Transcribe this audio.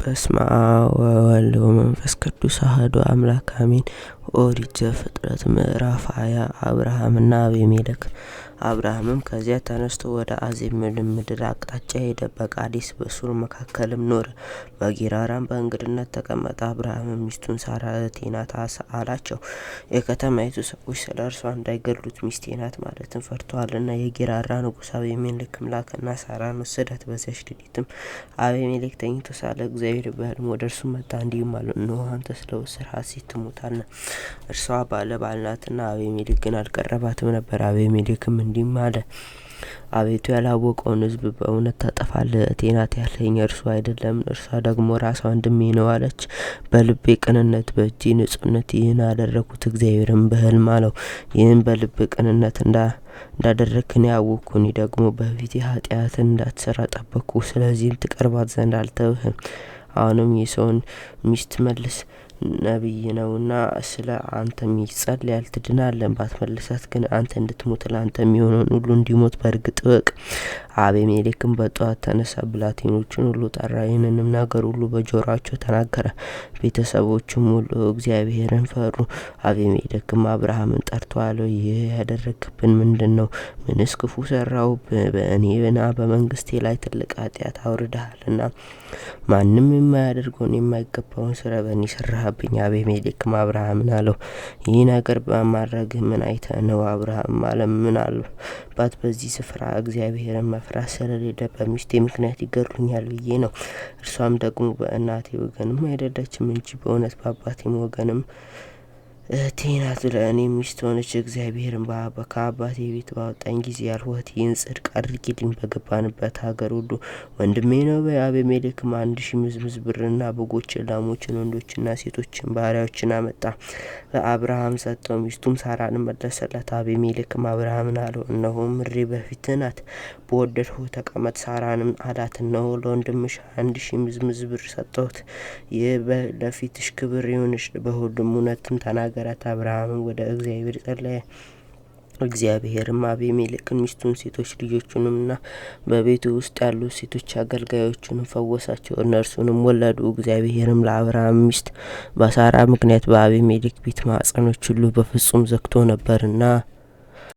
በስመ አብ ወወልድ ወመንፈስ ቅዱስ አህዶ አምላክ አሜን። ኦሪት ዘፍጥረት ምዕራፍ ሀያ አብርሃምና አቤሜሌክ አብርሃምም ከዚያ ተነስቶ ወደ አዜብ ምድር አቅጣጫ ሄደ፣ በቃዲስ በሱር መካከልም ኖረ። በጌራራም በእንግድነት ተቀመጠ። አብርሃምም ሚስቱን ሳራ እህቴ ናት አላቸው። የከተማይቱ ሰዎች ስለ እርሷ እንዳይገድሉት ሚስቴ ናት ማለትም ፈርተዋልና። የጌራራ ንጉስ አቤሜሌክም ላከና ሳራን ወሰዳት። በዚያች ሌሊትም አቤሜሌክ ተኝቶ ሳለ እግዚአብሔር በህልም ወደ እርሱ መጣ፣ እንዲህም አለው፣ እነሆ አንተ ስለ ወሰድህ ሐሴት ትሞታለህ። እርሷ ባለ ባልናትና አቤሜሌክ ግን አልቀረባትም ነበር። አቤሜሌክም እንዲህም አለ። አቤቱ ያላወቀውን ሕዝብ በእውነት ታጠፋለ። እቴ ያለኝ እርሱ አይደለም፣ እርሷ ደግሞ ራሷ ወንድሜ ነው አለች። በልቤ ቅንነት በእጅ ንጹሕነት ይህን አደረግኩት። እግዚአብሔርም በሕልም አለው ይህን በልብ ቅንነት እንዳ እንዳደረግክን ያወቅኩ። እኔ ደግሞ በፊት ኃጢአትን እንዳትሰራ ጠበቅኩ። ስለዚህም ትቀርባት ዘንድ አልተውህም። አሁንም የሰውን ሚስት መልስ ነቢይ ነውና ስለ አንተ ይጸልያል ትድናለን። ባትመልሳት ግን አንተ እንድትሞት ለአንተ የሚሆነውን ሁሉ እንዲሞት በእርግጥ እወቅ። አቤሜሌክም በጠዋት ተነሳ፣ ብላቴኖቹን ሁሉ ጠራ፣ ይህንንም ነገር ሁሉ በጆሯቸው ተናገረ። ቤተሰቦቹም ሁሉ እግዚአብሔርን ፈሩ። አቤሜሌክም አብርሃምን ጠርቶ አለው፣ ይህ ያደረግብን ምንድን ነው? ምንስ ክፉ ሰራው? በእኔና በመንግስቴ ላይ ትልቅ ኃጢአት አውርደሃልና ማንም የማያደርገውን የማይገባውን ስራ በእኔ ሰራህብኝ። አቤሜሌክም አብርሃምን አለው፣ ይህ ነገር በማድረግህ ምን አይተ ነው? አብርሃም አለ፣ ምን አለ አባት በዚህ ስፍራ እግዚአብሔርን መፍራት ስለሌለ በሚስቴ ምክንያት ይገድሉኛል ብዬ ነው። እርሷም ደግሞ በእናቴ ወገንም አይደለችም እንጂ በእውነት በአባቴም ወገንም ቴና ስለ እኔ ሚስት ሆነች። እግዚአብሔርን ከአባቴ ቤት ባወጣኝ ጊዜ ያልሁት ይህን ጽድቅ አድርጊልኝ። በገባንበት ሀገር ሁሉ ወንድሜ ነው። በአቤሜሌክም አንድ ሺ ምዝምዝ ብርና በጎችን፣ ላሞችን፣ ወንዶችና ሴቶችን ባህሪያዎችን አመጣ፣ ለአብርሃም ሰጠው። ሚስቱም ሳራን መለሰለት። አቤሜሌክም አብርሃምን አለው፣ እነሆ ምሬ በፊት ናት፣ በወደድሁ ተቀመጥ። ሳራንም አላት፣ እነሆ ለወንድምሽ አንድ ሺ ምዝምዝ ብር ሰጠሁት፣ ይህ ለፊትሽ ክብር ይሁንሽ፣ በሁሉም እውነትም ተናገ ነገራት። አብርሃምን ወደ እግዚአብሔር ጸለየ። እግዚአብሔርም አቤሜሌክን ሚስቱን፣ ሴቶች ልጆቹንምና በቤቱ ውስጥ ያሉ ሴቶች አገልጋዮቹንም ፈወሳቸው፣ እነርሱንም ወለዱ። እግዚአብሔርም ለአብርሃም ሚስት በሳራ ምክንያት በአቤሜሌክ ቤት ማኅፀኖች ሁሉ በፍጹም ዘግቶ ነበርና